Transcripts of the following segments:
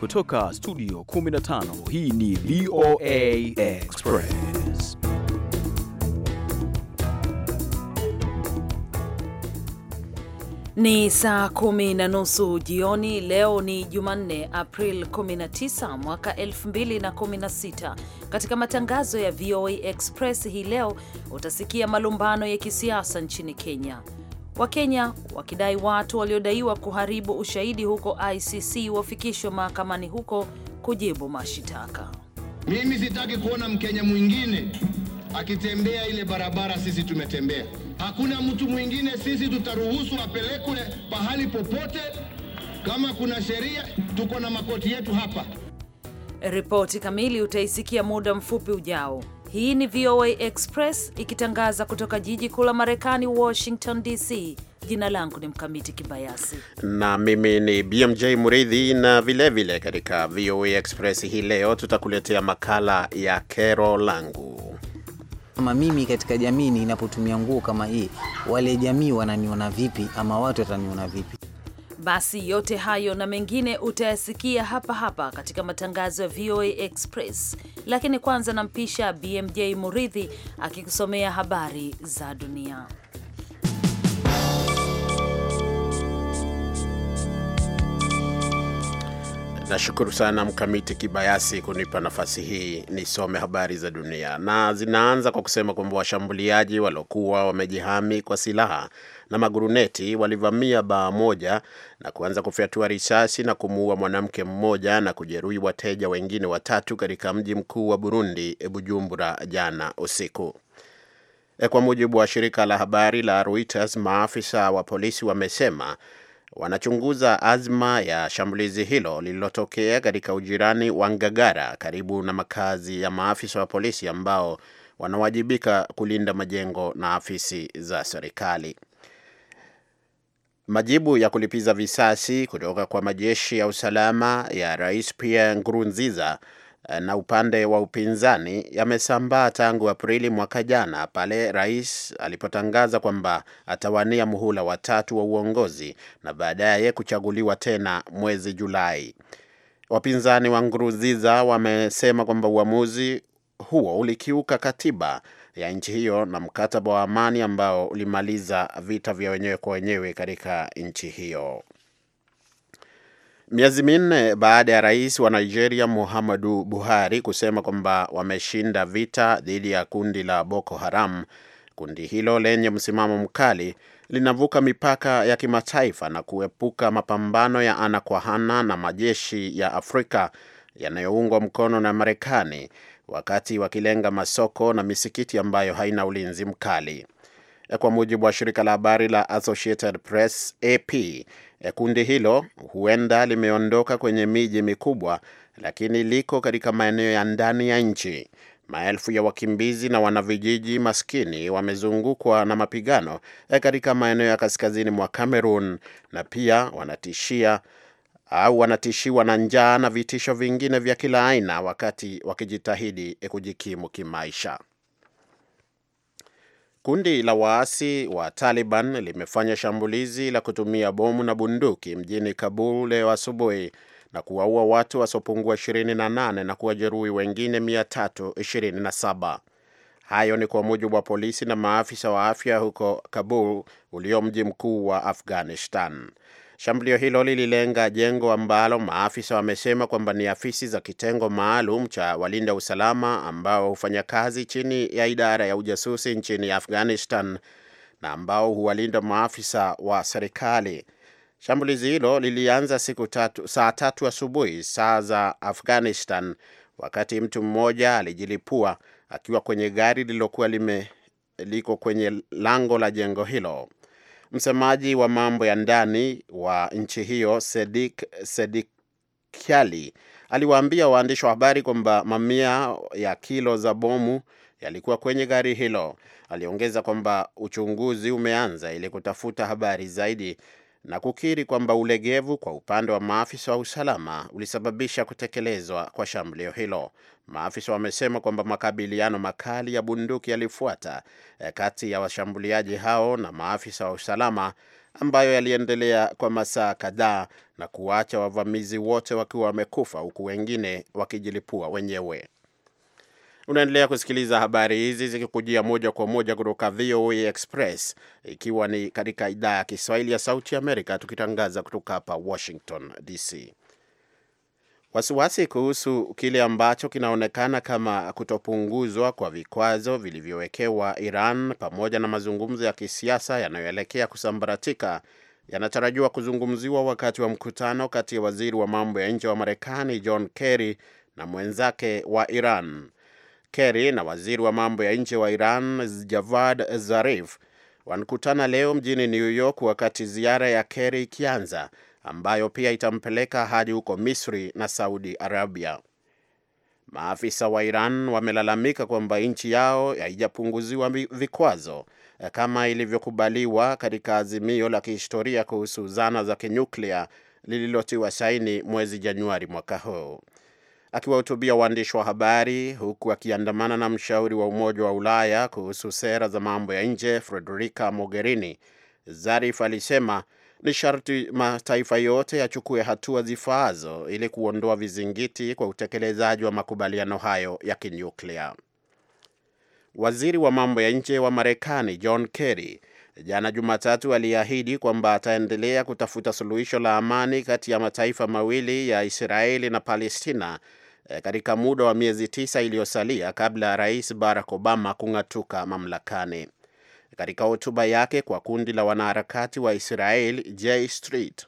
Kutoka studio 15 hii ni VOA Express. Ni saa kumi na nusu jioni. Leo ni Jumanne, April 19 mwaka 2016. Katika matangazo ya VOA Express hii leo utasikia malumbano ya kisiasa nchini Kenya. Wakenya wakidai watu waliodaiwa kuharibu ushahidi huko ICC wafikishwe mahakamani huko kujibu mashitaka. Mimi sitaki kuona Mkenya mwingine akitembea ile barabara sisi tumetembea. Hakuna mtu mwingine, sisi tutaruhusu apelekwe pahali popote. Kama kuna sheria, tuko na makoti yetu hapa. Ripoti kamili utaisikia muda mfupi ujao. Hii ni VOA Express ikitangaza kutoka jiji kuu la Marekani, Washington DC. Jina langu ni Mkamiti Kibayasi na mimi ni BMJ Muridhi, na vilevile katika VOA Express hii leo tutakuletea makala ya kero langu. Ama mimi katika jamii ninapotumia nguo kama hii, wale jamii wananiona vipi? Ama watu wataniona vipi? Basi yote hayo na mengine utayasikia hapa hapa katika matangazo ya VOA Express, lakini kwanza nampisha BMJ Muridhi akikusomea habari za dunia. Nashukuru sana Mkamiti Kibayasi kunipa nafasi hii nisome habari za dunia, na zinaanza kwa kusema kwamba washambuliaji waliokuwa wamejihami kwa silaha na maguruneti walivamia baa moja na kuanza kufyatua risasi na kumuua mwanamke mmoja na kujeruhi wateja wengine watatu katika mji mkuu wa Burundi, Bujumbura, jana usiku. E, kwa mujibu wa shirika la habari la Reuters, maafisa wa polisi wamesema wanachunguza azma ya shambulizi hilo lililotokea katika ujirani wa Ngagara karibu na makazi ya maafisa wa polisi ambao wanawajibika kulinda majengo na afisi za serikali. Majibu ya kulipiza visasi kutoka kwa majeshi ya usalama ya Rais Pierre Nkurunziza eh, na upande wa upinzani yamesambaa tangu Aprili mwaka jana pale rais alipotangaza kwamba atawania muhula watatu wa uongozi na baadaye kuchaguliwa tena mwezi Julai. Wapinzani wa Nkurunziza wamesema kwamba uamuzi huo ulikiuka katiba ya nchi hiyo na mkataba wa amani ambao ulimaliza vita vya wenyewe kwa wenyewe katika nchi hiyo. Miezi minne baada ya rais wa Nigeria Muhammadu Buhari kusema kwamba wameshinda vita dhidi ya kundi la Boko Haram, kundi hilo lenye msimamo mkali linavuka mipaka ya kimataifa na kuepuka mapambano ya ana kwa ana na majeshi ya Afrika yanayoungwa mkono na Marekani wakati wakilenga masoko na misikiti ambayo haina ulinzi mkali. E, kwa mujibu wa shirika la habari la Associated Press AP, e, kundi hilo huenda limeondoka kwenye miji mikubwa, lakini liko katika maeneo ya ndani ya nchi. Maelfu ya wakimbizi na wanavijiji maskini wamezungukwa na mapigano e, katika maeneo ya kaskazini mwa Cameroon na pia wanatishia au wanatishiwa na njaa na vitisho vingine vya kila aina wakati wakijitahidi kujikimu kimaisha. Kundi la waasi wa Taliban limefanya shambulizi la kutumia bomu na bunduki mjini Kabul leo asubuhi na kuwaua watu wasiopungua 28 na kuwajeruhi wengine 327. Hayo ni kwa mujibu wa polisi na maafisa wa afya huko Kabul ulio mji mkuu wa Afghanistan. Shambulio hilo lililenga jengo ambalo maafisa wamesema kwamba ni afisi za kitengo maalum cha walinda usalama ambao hufanya kazi chini ya idara ya ujasusi nchini Afghanistan na ambao huwalinda maafisa wa serikali. Shambulizi hilo lilianza siku tatu, saa tatu asubuhi saa za Afghanistan wakati mtu mmoja alijilipua akiwa kwenye gari lililokuwa lime liko kwenye lango la jengo hilo. Msemaji wa mambo ya ndani wa nchi hiyo Sedik Sedikiali aliwaambia waandishi wa habari kwamba mamia ya kilo za bomu yalikuwa kwenye gari hilo. Aliongeza kwamba uchunguzi umeanza ili kutafuta habari zaidi na kukiri kwamba ulegevu kwa upande wa maafisa wa usalama ulisababisha kutekelezwa kwa shambulio hilo. Maafisa wamesema kwamba makabiliano makali ya bunduki yalifuata eh, kati ya washambuliaji hao na maafisa wa usalama ambayo yaliendelea kwa masaa kadhaa na kuwacha wavamizi wote wakiwa wamekufa huku wengine wakijilipua wenyewe. Unaendelea kusikiliza habari hizi zikikujia moja kwa moja kutoka VOA Express, ikiwa ni katika idhaa ya Kiswahili ya Sauti Amerika, tukitangaza kutoka hapa Washington DC. Wasiwasi kuhusu kile ambacho kinaonekana kama kutopunguzwa kwa vikwazo vilivyowekewa Iran pamoja na mazungumzo ya kisiasa yanayoelekea kusambaratika yanatarajiwa kuzungumziwa wakati wa mkutano kati ya waziri wa mambo ya nje wa Marekani John Kerry na mwenzake wa Iran. Kerry na waziri wa mambo ya nje wa Iran Javad Zarif wanakutana leo mjini New York wakati ziara ya Kerry ikianza ambayo pia itampeleka hadi huko Misri na Saudi Arabia. Maafisa wa Iran wamelalamika kwamba nchi yao haijapunguziwa vikwazo eh, kama ilivyokubaliwa katika azimio la kihistoria kuhusu zana za kinyuklia lililotiwa saini mwezi Januari mwaka huu akiwahutubia waandishi wa habari huku akiandamana na mshauri wa Umoja wa Ulaya kuhusu sera za mambo ya nje Frederica Mogherini, Zarif alisema ni sharti mataifa yote yachukue hatua zifaazo ili kuondoa vizingiti kwa utekelezaji wa makubaliano hayo ya kinyuklia. Waziri wa mambo ya nje wa Marekani John Kerry jana Jumatatu aliahidi kwamba ataendelea kutafuta suluhisho la amani kati ya mataifa mawili ya Israeli na Palestina e, katika muda wa miezi tisa iliyosalia kabla ya Rais Barack Obama kung'atuka mamlakani. Katika hotuba yake kwa kundi la wanaharakati wa Israel J Street,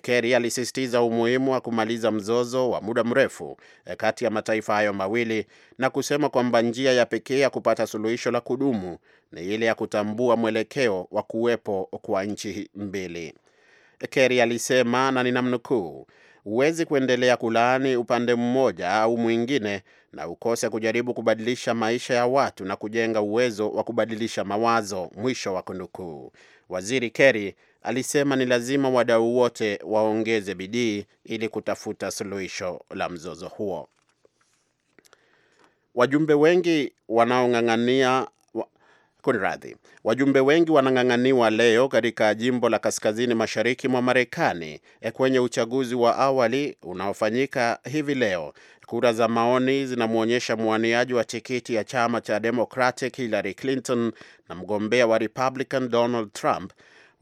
Kerry alisisitiza umuhimu wa kumaliza mzozo wa muda mrefu eh, kati ya mataifa hayo mawili na kusema kwamba njia ya pekee ya kupata suluhisho la kudumu ni ile ya kutambua mwelekeo wa kuwepo kwa nchi mbili. Kerry alisema na ninamnukuu, huwezi kuendelea kulaani upande mmoja au mwingine na ukose kujaribu kubadilisha maisha ya watu na kujenga uwezo wa kubadilisha mawazo, mwisho wa kunukuu. Waziri Kerry alisema ni lazima wadau wote waongeze bidii ili kutafuta suluhisho la mzozo huo. Wajumbe wengi wanaong'ang'ania Kunradhi, wajumbe wengi wanang'ang'aniwa leo katika jimbo la kaskazini mashariki mwa Marekani eh, kwenye uchaguzi wa awali unaofanyika hivi leo. Kura za maoni zinamwonyesha mwaniaji wa tikiti ya chama cha Democratic Hillary Clinton na mgombea wa Republican Donald Trump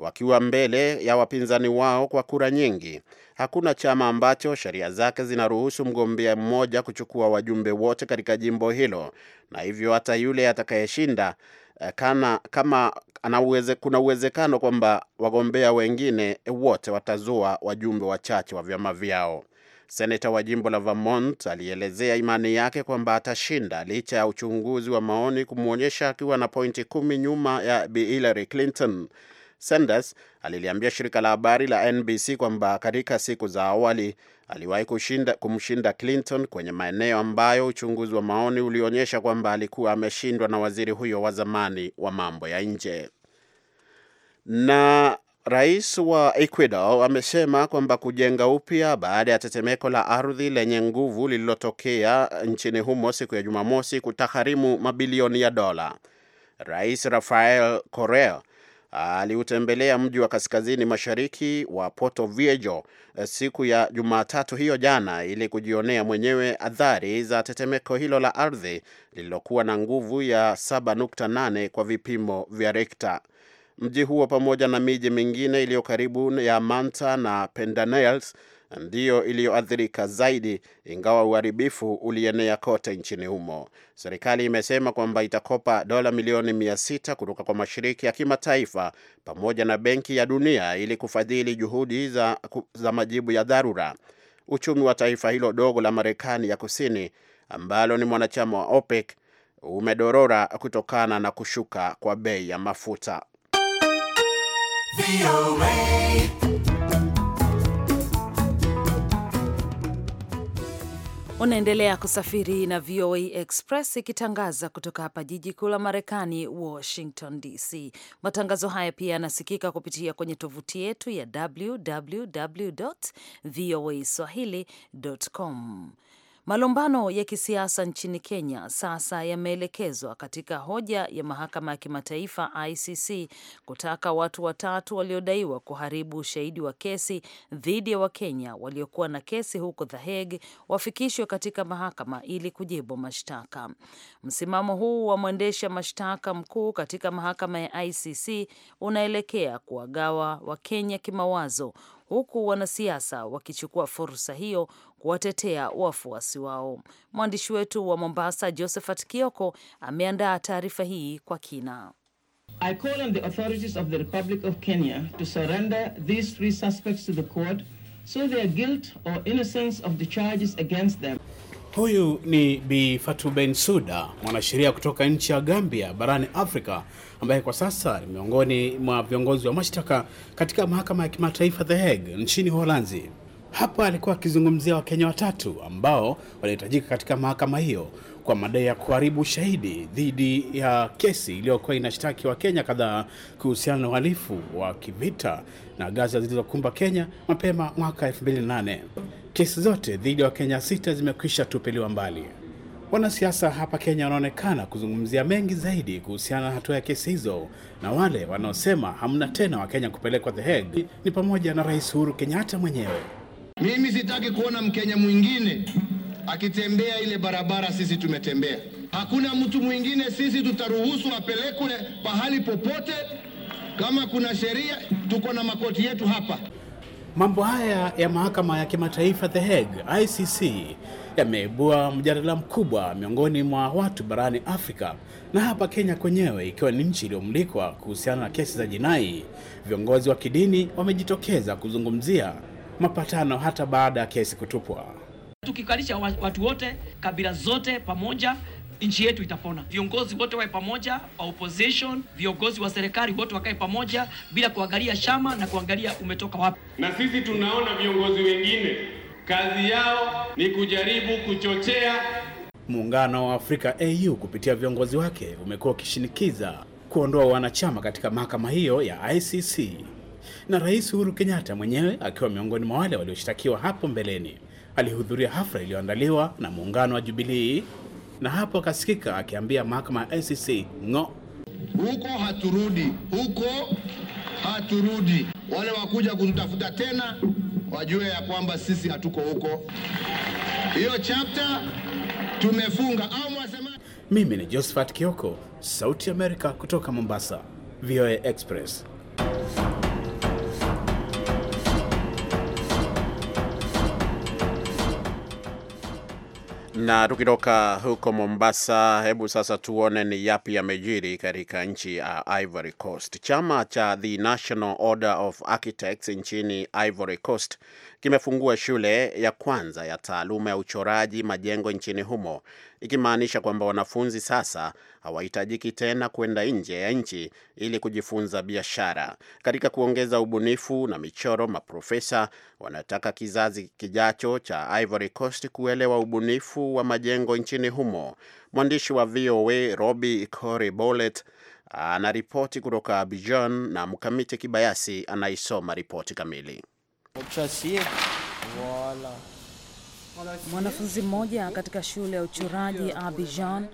wakiwa mbele ya wapinzani wao kwa kura nyingi. Hakuna chama ambacho sheria zake zinaruhusu mgombea mmoja kuchukua wajumbe wote katika jimbo hilo, na hivyo hata yule atakayeshinda eh, kana, kama anaweze, kuna uwezekano kwamba wagombea wengine wote watazua wajumbe wachache wa vyama vyao. Seneta wa jimbo la Vermont alielezea imani yake kwamba atashinda licha ya uchunguzi wa maoni kumwonyesha akiwa na pointi kumi nyuma ya Bi Hillary Clinton. Sanders aliliambia shirika la habari la NBC kwamba katika siku za awali aliwahi kumshinda Clinton kwenye maeneo ambayo uchunguzi wa maoni ulionyesha kwamba alikuwa ameshindwa na waziri huyo wa zamani wa mambo ya nje. Na rais wa Ecuador amesema kwamba kujenga upya baada ya tetemeko la ardhi lenye nguvu lililotokea nchini humo siku ya Jumamosi kutagharimu mabilioni ya dola. Rais Rafael Correa aliutembelea mji wa kaskazini mashariki wa Porto Viejo eh, siku ya Jumatatu hiyo jana ili kujionea mwenyewe athari za tetemeko hilo la ardhi lililokuwa na nguvu ya 7.8 kwa vipimo vya Richter. Mji huo pamoja na miji mingine iliyo karibu ya Manta na pendanels ndiyo iliyoathirika zaidi, ingawa uharibifu ulienea kote nchini humo. Serikali imesema kwamba itakopa dola milioni mia sita kutoka kwa mashirika ya kimataifa pamoja na Benki ya Dunia ili kufadhili juhudi za, za majibu ya dharura. Uchumi wa taifa hilo dogo la Marekani ya Kusini ambalo ni mwanachama wa OPEC umedorora kutokana na kushuka kwa bei ya mafuta. Unaendelea kusafiri na VOA Express ikitangaza kutoka hapa jiji kuu la Marekani, Washington DC. Matangazo haya pia yanasikika kupitia kwenye tovuti yetu ya www voa swahili.com. Malumbano ya kisiasa nchini Kenya sasa yameelekezwa katika hoja ya mahakama ya kimataifa ICC kutaka watu watatu waliodaiwa kuharibu ushahidi wa kesi dhidi ya Wakenya waliokuwa na kesi huko The Hague wafikishwe katika mahakama ili kujibu mashtaka. Msimamo huu wa mwendesha mashtaka mkuu katika mahakama ya ICC unaelekea kuwagawa Wakenya kimawazo huku wanasiasa wakichukua fursa hiyo kuwatetea wafuasi wao. Mwandishi wetu wa Mombasa, Josephat Kioko, ameandaa taarifa hii kwa kina. I call on the authorities of the Republic of Kenya to surrender these three suspects to the court so their guilt or innocence of the charges against them. Huyu ni Bi Fatou suda mwanasheria kutoka nchi ya Gambia barani Afrika, ambaye kwa sasa ni miongoni mwa viongozi wa mashtaka katika mahakama ya kimataifa The Hague nchini Holanzi. Hapa alikuwa akizungumzia Wakenya watatu ambao walihitajika katika mahakama hiyo kwa madai ya kuharibu shahidi dhidi ya kesi iliyokuwa inashtaki Wakenya kadhaa kuhusiana na uhalifu wa kivita na ghasia zilizokumba Kenya mapema mwaka 2008. Kesi zote dhidi ya Wakenya sita zimekwisha tupiliwa mbali. Wanasiasa hapa Kenya wanaonekana kuzungumzia mengi zaidi kuhusiana na hatua ya kesi hizo, na wale wanaosema hamna tena Wakenya kupelekwa The Hague ni pamoja na Rais Uhuru Kenyatta mwenyewe. Mimi sitaki kuona Mkenya mwingine akitembea ile barabara sisi tumetembea. Hakuna mtu mwingine, sisi tutaruhusu apelekwe pahali popote. Kama kuna sheria, tuko na makoti yetu hapa. Mambo haya ya mahakama ya kimataifa The Hague ICC yameibua mjadala mkubwa miongoni mwa watu barani Afrika na hapa Kenya kwenyewe, ikiwa ni nchi iliyomulikwa kuhusiana na kesi za jinai. Viongozi wa kidini wamejitokeza kuzungumzia mapatano hata baada ya kesi kutupwa. Tukikalisha watu wote kabila zote pamoja, nchi yetu itapona. Viongozi wote wae pamoja, wa opposition, viongozi wa serikali wote wakae pamoja, bila kuangalia chama na kuangalia umetoka wapi. Na sisi tunaona viongozi wengine kazi yao ni kujaribu kuchochea. Muungano wa Afrika AU kupitia viongozi wake umekuwa ukishinikiza kuondoa wanachama katika mahakama hiyo ya ICC na Rais Uhuru Kenyatta mwenyewe akiwa miongoni mwa wale walioshtakiwa hapo mbeleni. Alihudhuria hafla iliyoandaliwa na muungano wa Jubilii na hapo akasikika akiambia mahakama ya ICC e ng'o, huko haturudi, huko haturudi. Wale wakuja kututafuta tena wajue ya kwamba sisi hatuko huko. Hiyo chapter tumefunga au mwasema. Mimi ni Josephat Kioko, Sauti ya Amerika kutoka Mombasa, VOA Express. Na tukitoka huko Mombasa, hebu sasa tuone ni yapi yamejiri katika nchi ya uh, Ivory Coast. Chama cha The National Order of Architects nchini Ivory Coast kimefungua shule ya kwanza ya taaluma ya uchoraji majengo nchini humo, ikimaanisha kwamba wanafunzi sasa hawahitajiki tena kwenda nje ya nchi ili kujifunza biashara. Katika kuongeza ubunifu na michoro, maprofesa wanataka kizazi kijacho cha Ivory Coast kuelewa ubunifu wa majengo nchini humo. Mwandishi wa VOA Robi Cory Bolet anaripoti kutoka Abidjan na Mkamiti Kibayasi anaisoma ripoti kamili. Mwanafunzi mmoja katika shule ya uchoraji Abidjan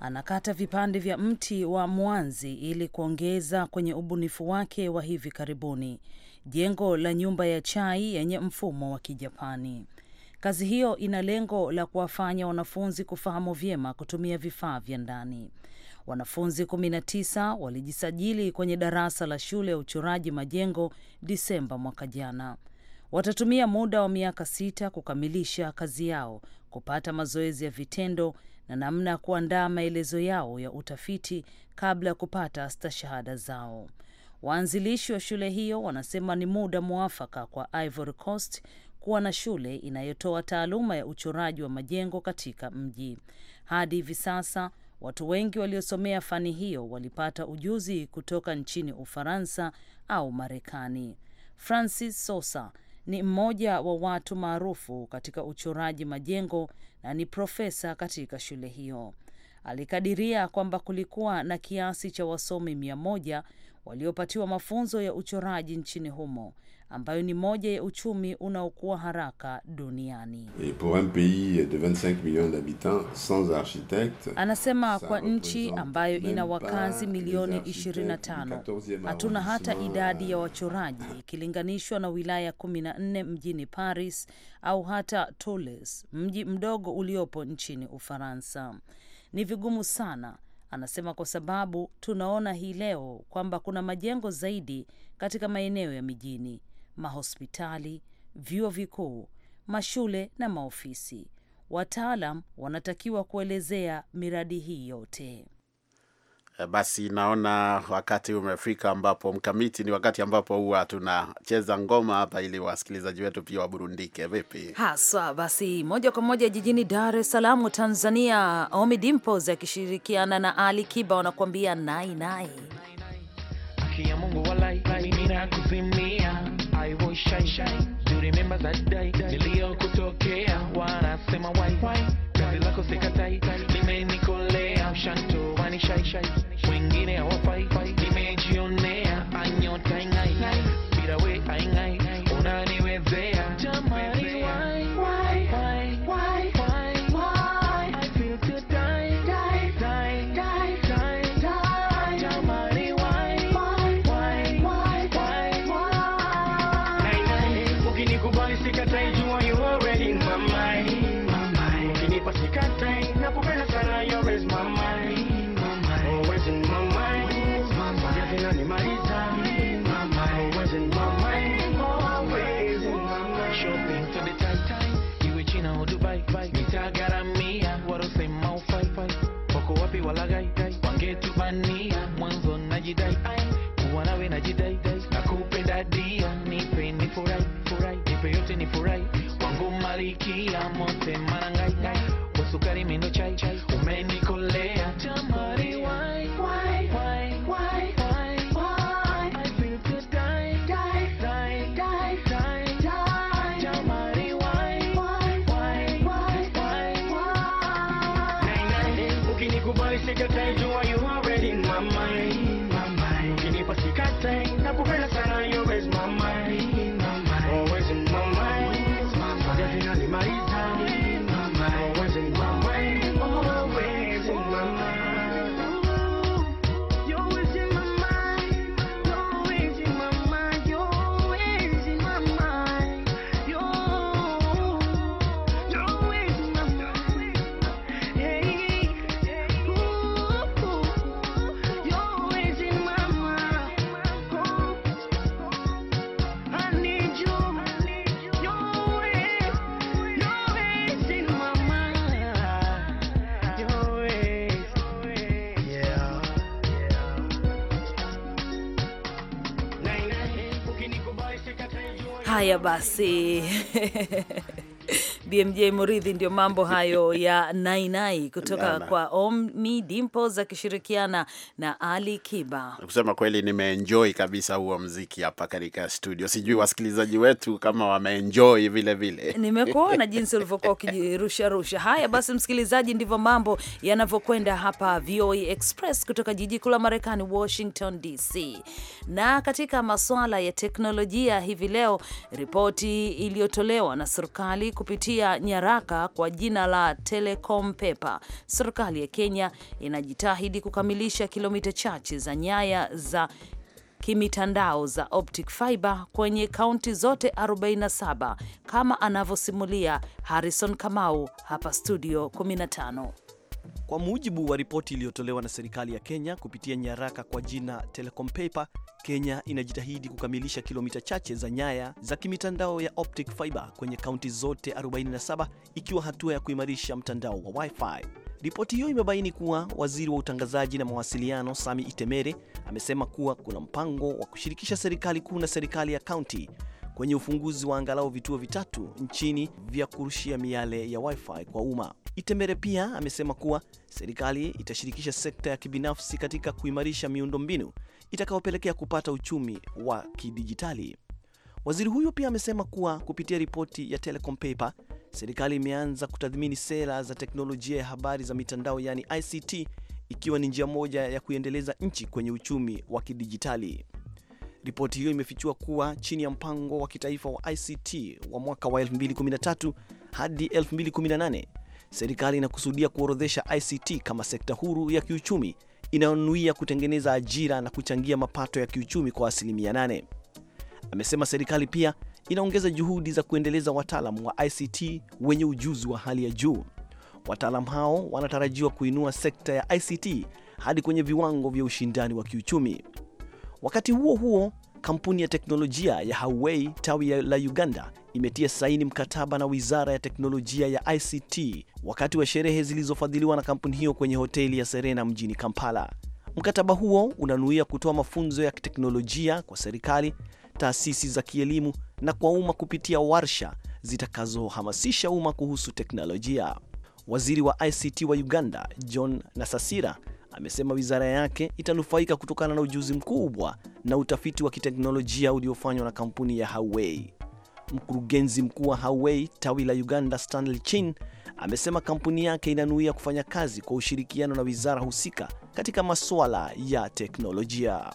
anakata vipande vya mti wa mwanzi ili kuongeza kwenye ubunifu wake wa hivi karibuni, jengo la nyumba ya chai yenye mfumo wa Kijapani. Kazi hiyo ina lengo la kuwafanya wanafunzi kufahamu vyema kutumia vifaa vya ndani. Wanafunzi 19 walijisajili kwenye darasa la shule ya uchoraji majengo Disemba mwaka jana. Watatumia muda wa miaka sita kukamilisha kazi yao, kupata mazoezi ya vitendo na namna ya kuandaa maelezo yao ya utafiti kabla ya kupata stashahada zao. Waanzilishi wa shule hiyo wanasema ni muda mwafaka kwa Ivory Coast kuwa na shule inayotoa taaluma ya uchoraji wa majengo katika mji. Hadi hivi sasa watu wengi waliosomea fani hiyo walipata ujuzi kutoka nchini Ufaransa au Marekani. Francis Sosa ni mmoja wa watu maarufu katika uchoraji majengo na ni profesa katika shule hiyo. Alikadiria kwamba kulikuwa na kiasi cha wasomi mia moja waliopatiwa mafunzo ya uchoraji nchini humo ambayo ni moja ya uchumi unaokuwa haraka duniani. Anasema kwa nchi ambayo ina wakazi milioni 25 hatuna hata idadi ya euh, wachoraji ikilinganishwa na wilaya 14 mjini Paris au hata Toulouse, mji mdogo uliopo nchini Ufaransa. Ni vigumu sana anasema kwa sababu tunaona hii leo kwamba kuna majengo zaidi katika maeneo ya mijini mahospitali, vyuo vikuu, mashule na maofisi. Wataalam wanatakiwa kuelezea miradi hii yote. E, basi naona wakati umefika ambapo mkamiti, ni wakati ambapo huwa tunacheza ngoma hapa ili wasikilizaji wetu pia waburundike vipi haswa. Basi moja kwa moja jijini Dar es Salaam, Tanzania, Omi akishirikiana na Ali Kiba wanakuambia nai nai. I will shine shine. Do remember that day niliyokutokea, wanasema wai wai, kazi lako sikatai, limenikolea mshanto wani shai shai, wengine hawafai Haya basi BMJ Muridhi, ndio mambo hayo ya nainai kutoka Nana. kwa Ommy Dimpoz akishirikiana na Ali Kiba. Kusema kweli, nimeenjoy kabisa huo mziki hapa katika studio. Sijui wasikilizaji wetu kama wameenjoy vile vile. Nimekuona jinsi ulivyokuwa ukijirusha rusha. Haya basi, msikilizaji, ndivyo mambo yanavyokwenda hapa VOA Express kutoka jiji kuu la Marekani, Washington DC. Na katika masuala ya teknolojia hivi leo, ripoti iliyotolewa na serikali kupitia kupitia nyaraka kwa jina la Telecom Pepa. Serikali ya Kenya inajitahidi kukamilisha kilomita chache za nyaya za kimitandao za optic fiber kwenye kaunti zote 47 kama anavyosimulia Harrison Kamau hapa studio 15. Kwa mujibu wa ripoti iliyotolewa na serikali ya Kenya kupitia nyaraka kwa jina Telecom Paper, Kenya inajitahidi kukamilisha kilomita chache za nyaya za kimitandao ya optic fiber kwenye kaunti zote 47 ikiwa hatua ya kuimarisha mtandao wa Wi-Fi. Ripoti hiyo imebaini kuwa waziri wa utangazaji na mawasiliano Sami Itemere amesema kuwa kuna mpango wa kushirikisha serikali kuu na serikali ya kaunti kwenye ufunguzi wa angalau vituo vitatu nchini vya kurushia miale ya wifi kwa umma. Itembere pia amesema kuwa serikali itashirikisha sekta ya kibinafsi katika kuimarisha miundombinu itakayopelekea kupata uchumi wa kidijitali. Waziri huyo pia amesema kuwa kupitia ripoti ya Telecom Paper, serikali imeanza kutathmini sera za teknolojia ya habari za mitandao yaani ICT ikiwa ni njia moja ya kuiendeleza nchi kwenye uchumi wa kidijitali. Ripoti hiyo imefichua kuwa chini ya mpango wa kitaifa wa ICT wa mwaka wa 2013 hadi 2018, serikali inakusudia kuorodhesha ICT kama sekta huru ya kiuchumi inayonuia kutengeneza ajira na kuchangia mapato ya kiuchumi kwa asilimia 8. Amesema serikali pia inaongeza juhudi za kuendeleza wataalam wa ICT wenye ujuzi wa hali ya juu. Wataalam hao wanatarajiwa kuinua sekta ya ICT hadi kwenye viwango vya ushindani wa kiuchumi. Wakati huo huo, kampuni ya teknolojia ya Huawei tawi la Uganda imetia saini mkataba na wizara ya teknolojia ya ICT wakati wa sherehe zilizofadhiliwa na kampuni hiyo kwenye hoteli ya Serena mjini Kampala. Mkataba huo unanuia kutoa mafunzo ya teknolojia kwa serikali, taasisi za kielimu na kwa umma kupitia warsha zitakazohamasisha umma kuhusu teknolojia. Waziri wa ICT wa Uganda John Nasasira amesema wizara yake itanufaika kutokana na ujuzi mkubwa na utafiti wa kiteknolojia uliofanywa na kampuni ya Huawei. Mkurugenzi mkuu wa Huawei tawi la Uganda, Stanley Chin, amesema kampuni yake inanuia kufanya kazi kwa ushirikiano na wizara husika katika masuala ya teknolojia.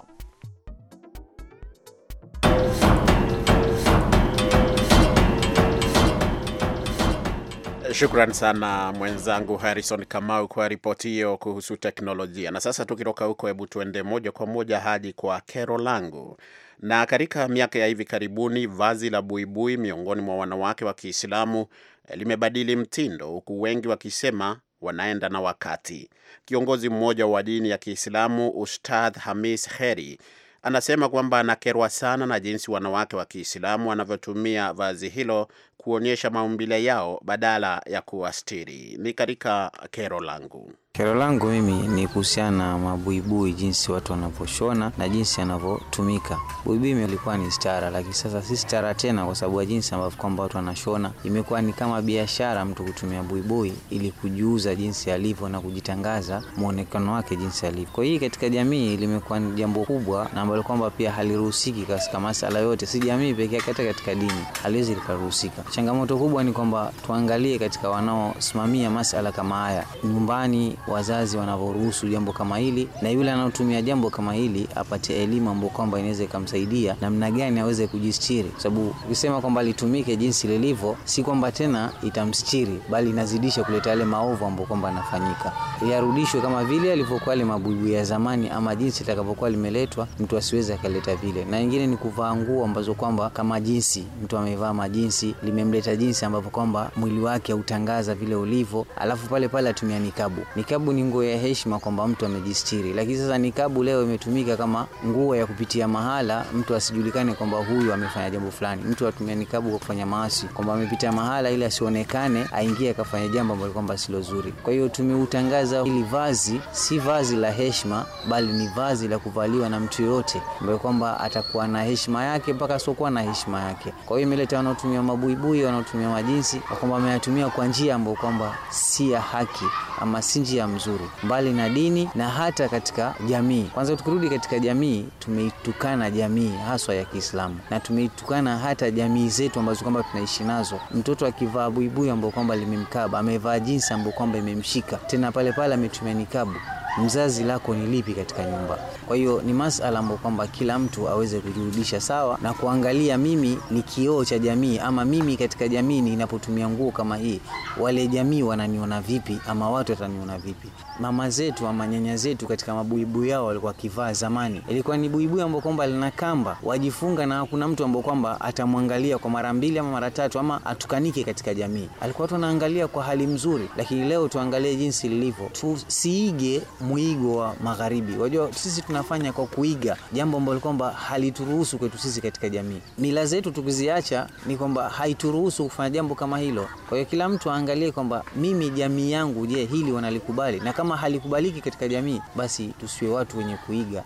Shukran sana mwenzangu Harrison Kamau kwa ripoti hiyo kuhusu teknolojia. Na sasa tukitoka huko, hebu tuende moja kwa moja hadi kwa kero langu. Na katika miaka ya hivi karibuni, vazi la buibui miongoni mwa wanawake wa Kiislamu eh, limebadili mtindo, huku wengi wakisema wanaenda na wakati. Kiongozi mmoja wa dini ya Kiislamu Ustadh Hamis Heri anasema kwamba anakerwa sana na jinsi wanawake wa Kiislamu wanavyotumia vazi hilo kuonyesha maumbile yao badala ya kuwastiri. Ni katika kero langu. Kero langu mimi ni kuhusiana na mabuibui, jinsi watu wanavyoshona na jinsi yanavyotumika. Buibui ilikuwa ni stara, lakini sasa si stara tena, kwa sababu ya jinsi ambavyo kwamba watu wanashona. Imekuwa ni kama biashara, mtu kutumia buibui ili kujiuza jinsi alivyo na kujitangaza mwonekano wake jinsi alivyo. Kwa hiyo katika jamii limekuwa ni jambo kubwa na ambalo kwamba pia haliruhusiki katika masala yote, si jamii pekee yake, hata katika dini haliwezi likaruhusika. Changamoto kubwa ni kwamba tuangalie katika wanaosimamia masala kama haya nyumbani wazazi wanavyoruhusu jambo kama hili, na yule anayotumia jambo kama hili apate elimu ambayo kwamba inaweza ikamsaidia namna gani aweze kujistiri, kwa sababu ukisema kwamba litumike jinsi lilivyo, si kwamba tena itamstiri, bali inazidisha kuleta yale maovu ambayo kwamba anafanyika, yarudishwe kama vile alivyokuwa ile mabuibu ya zamani, ama jinsi itakavyokuwa limeletwa, mtu asiweze akaleta vile. Na ingine ni kuvaa nguo ambazo kwamba kama jinsi mtu amevaa majinsi, limemleta jinsi ambavyo kwamba mwili wake hautangaza vile ulivyo, alafu pale pale atumia nikabu Nik kabu ni nguo ya heshima kwamba mtu amejistiri, lakini sasa nikabu leo imetumika kama nguo ya kupitia mahala, mtu asijulikane kwamba huyu amefanya jambo fulani. Mtu atumia nikabu kwa kufanya maasi, kwamba amepita mahala ili asionekane, aingie akafanya jambo ambalo kwamba silo zuri. Kwa hiyo tumeutangaza hili vazi si vazi la heshima, bali ni vazi la kuvaliwa na mtu yoyote ambaye kwamba atakuwa na heshima yake mpaka asiokuwa na heshima yake. Kwa hiyo imeleta wanaotumia mabuibui, wanaotumia majinsi, kwamba ameyatumia kwa njia ambayo kwamba si ya haki ama si njia uhalisia mzuri, mbali na dini na hata katika jamii. Kwanza tukirudi katika jamii, tumeitukana jamii haswa ya Kiislamu na tumeitukana hata jamii zetu ambazo kwamba tunaishi nazo. Mtoto akivaa buibui ambao kwamba limemkaba, amevaa jinsi ambao kwamba imemshika, tena pale pale ametumia nikabu mzazi lako ni lipi katika nyumba. Kwa hiyo ni masala ambayo kwamba kila mtu aweze kujirudisha sawa na kuangalia, mimi ni kioo cha jamii, ama mimi katika jamii ninapotumia nguo kama hii, wale jamii wananiona vipi, ama watu wataniona vipi? Mama zetu ama nyanya zetu katika mabuibui yao walikuwa wakivaa zamani, ilikuwa ni buibui ambao kwamba lina kamba, wajifunga, na hakuna mtu ambao kwamba atamwangalia kwa mara mbili ama mara tatu ama atukanike katika jamii. Alikuwa tunaangalia kwa hali mzuri, lakini leo tuangalie jinsi lilivyo, tusiige mwigo wa magharibi. Wajua sisi tunafanya kwa kuiga, jambo ambalo kwamba halituruhusu kwetu sisi katika jamii. Mila zetu tukiziacha, ni kwamba haituruhusu kufanya jambo kama hilo. Kwa hiyo kila mtu aangalie kwamba mimi jamii yangu, je, hili wanalikubali? Na kama halikubaliki katika jamii, basi tusiwe watu wenye kuiga.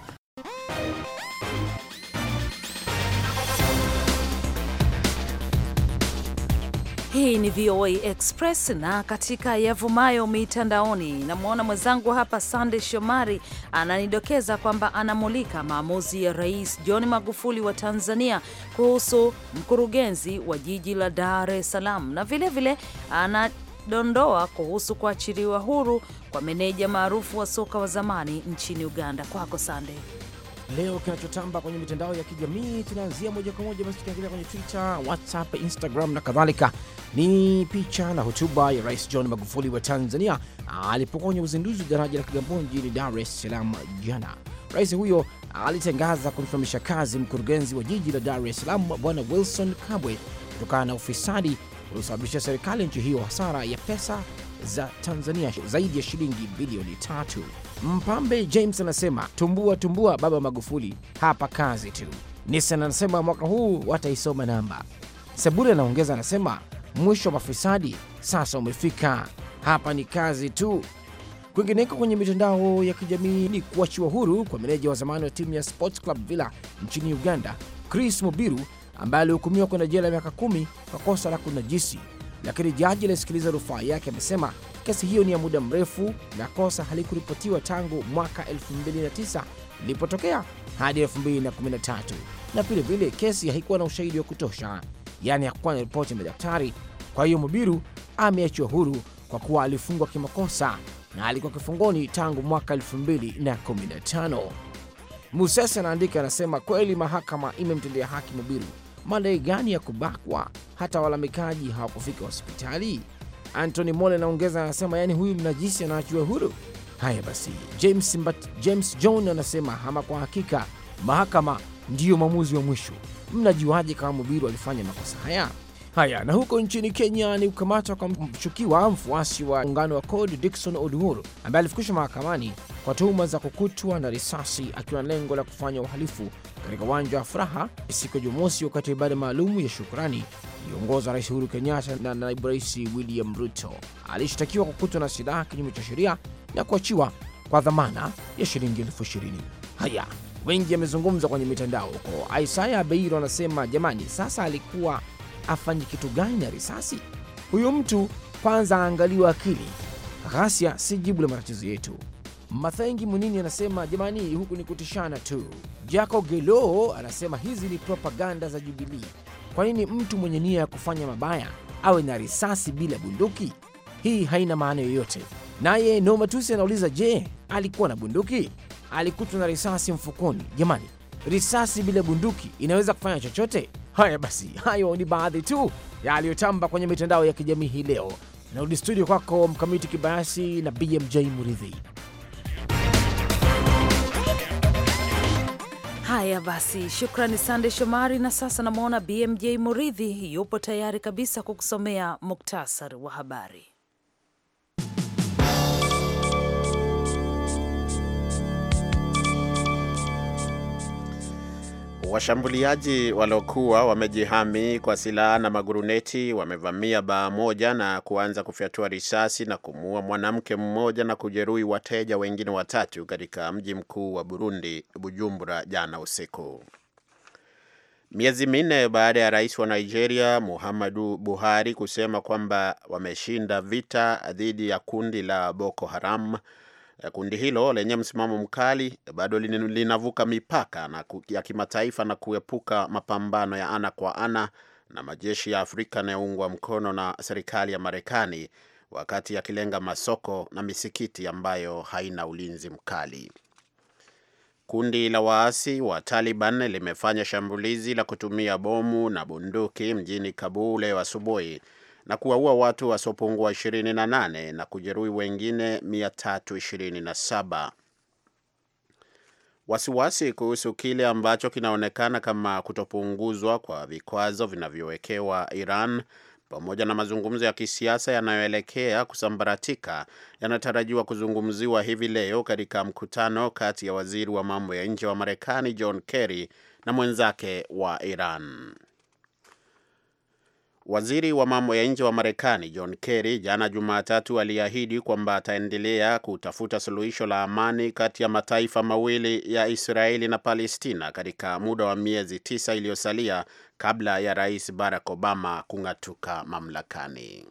Hii ni VOA Express na katika yavumayo mitandaoni, namwona mwenzangu hapa Sande Shomari ananidokeza kwamba anamulika maamuzi ya Rais John Magufuli wa Tanzania kuhusu mkurugenzi wa jiji la Dar es Salaam na vilevile vile, ana dondoa kuhusu kuachiliwa huru kwa meneja maarufu wa soka wa zamani nchini Uganda. Kwako Sande leo kinachotamba kwenye mitandao ya kijamii. Tunaanzia moja kwa moja basi, tukiangalia kwenye Twitter, WhatsApp, Instagram na kadhalika, ni picha na hotuba ya Rais John Magufuli wa Tanzania alipokuwa kwenye uzinduzi wa daraja la Kigamboni jijini Dar es Salaam jana. Rais huyo alitangaza kumsimamisha kazi mkurugenzi wa jiji la Dar es Salaam Bwana Wilson Kabwe kutokana na ufisadi uliosababisha serikali nchi hiyo hasara ya pesa za Tanzania zaidi ya shilingi bilioni tatu. Mpambe James anasema tumbua tumbua, Baba Magufuli hapa kazi tu. Nisan anasema mwaka huu wataisoma namba. Saburi anaongeza anasema mwisho wa mafisadi sasa umefika, hapa ni kazi tu. Kwingineko kwenye mitandao ya kijamii ni kuachiwa huru kwa meneja wa zamani wa timu ya Sports Club Villa nchini Uganda, Chris Mubiru ambaye alihukumiwa kwenda jela ya miaka kumi kwa kosa la kunajisi, lakini jaji aliyesikiliza rufaa yake amesema Kesi hiyo ni ya muda mrefu na kosa halikuripotiwa tangu mwaka 2009 ilipotokea hadi 2013, na vilevile kesi haikuwa na ushahidi wa kutosha, yaani hakuwa na ripoti ya madaktari. Kwa hiyo Mubiru ameachiwa huru kwa kuwa alifungwa kimakosa na alikuwa kifungoni tangu mwaka 2015. Musese anaandika, anasema kweli mahakama imemtendea haki Mubiru. Madai gani ya kubakwa hata walalamikaji hawakufika hospitali? Anthony Mole anaongeza anasema, yaani huyu mnajisi anaachiwa huru. Haya basi, James, James John anasema hama kwa hakika mahakama ndiyo mwamuzi wa mwisho. Mnajuaje kama mubiru alifanya makosa haya? Haya, na huko nchini Kenya ni kukamatwa kwa mshukiwa mfuasi wa muungano wa CORD Dickson Oduor ambaye alifikishwa mahakamani kwa tuhuma za kukutwa na risasi akiwa na lengo la kufanya uhalifu katika uwanja wa Furaha siku ya Jumamosi, wakati wa ibada maalum ya shukrani wa Rais Uhuru Kenyatta na naibu rais William Ruto alishtakiwa kukutwa na silaha kinyume cha sheria na kuachiwa kwa dhamana ya shilingi elfu ishirini. Haya wengi amezungumza kwenye mitandao huko. Aisaya Beiro anasema jamani, sasa alikuwa afanye kitu gani na risasi? Huyu mtu kwanza aangaliwa akili. Ghasia si jibu la matatizo yetu. Mathengi Munini anasema jamani, huku ni kutishana tu. Jako Gelo anasema hizi ni propaganda za Jubilii. Kwa nini mtu mwenye nia ya kufanya mabaya awe na risasi bila bunduki? Hii haina maana yoyote. Naye Nomatusi anauliza, je, alikuwa na bunduki? Alikutwa na risasi mfukoni. Jamani, risasi bila bunduki inaweza kufanya chochote? Haya basi, hayo ni baadhi tu yaliyotamba kwenye mitandao ya kijamii hii leo. Narudi studio kwako Mkamiti Kibayasi na BMJ Muridhi. Haya basi, shukrani Sande Shomari. Na sasa namwona BMJ Muridhi yupo tayari kabisa kukusomea muktasari wa habari. Washambuliaji waliokuwa wamejihami kwa silaha na maguruneti wamevamia baa moja na kuanza kufyatua risasi na kumuua mwanamke mmoja na kujeruhi wateja wengine watatu katika mji mkuu wa Burundi, Bujumbura, jana usiku. Miezi minne baada ya rais wa Nigeria Muhammadu Buhari kusema kwamba wameshinda vita dhidi ya kundi la Boko Haram Eh, kundi hilo lenye msimamo mkali eh, bado linavuka mipaka na ya kimataifa na kuepuka mapambano ya ana kwa ana na majeshi ya Afrika yanayoungwa mkono na serikali ya Marekani wakati yakilenga masoko na misikiti ambayo haina ulinzi mkali. Kundi la waasi wa Taliban limefanya shambulizi la kutumia bomu na bunduki mjini Kabul leo asubuhi na kuwaua watu wasiopungua 28 na kujeruhi wengine 327. Wasiwasi kuhusu kile ambacho kinaonekana kama kutopunguzwa kwa vikwazo vinavyowekewa Iran pamoja na mazungumzo ya kisiasa yanayoelekea kusambaratika yanatarajiwa kuzungumziwa hivi leo katika mkutano kati ya waziri wa mambo ya nje wa Marekani John Kerry na mwenzake wa Iran. Waziri wa mambo ya nje wa Marekani John Kerry jana Jumatatu aliahidi kwamba ataendelea kutafuta suluhisho la amani kati ya mataifa mawili ya Israeli na Palestina katika muda wa miezi tisa iliyosalia kabla ya Rais Barack Obama kung'atuka mamlakani.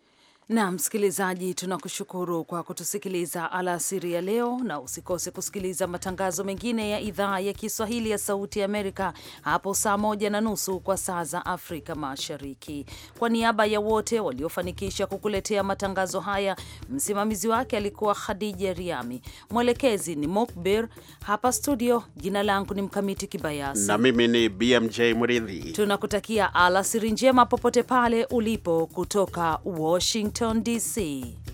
Na msikilizaji, tunakushukuru kwa kutusikiliza alasiri ya leo, na usikose kusikiliza matangazo mengine ya idhaa ya Kiswahili ya Sauti Amerika hapo saa moja na nusu kwa saa za Afrika Mashariki. Kwa niaba ya wote waliofanikisha kukuletea matangazo haya, msimamizi wake alikuwa Khadija Riami, mwelekezi ni Mokbir hapa studio. Jina langu ni Mkamiti Kibayasi na mimi ni BMJ Mridhi. Tunakutakia alasiri njema popote pale ulipo kutoka Washington Washington DC.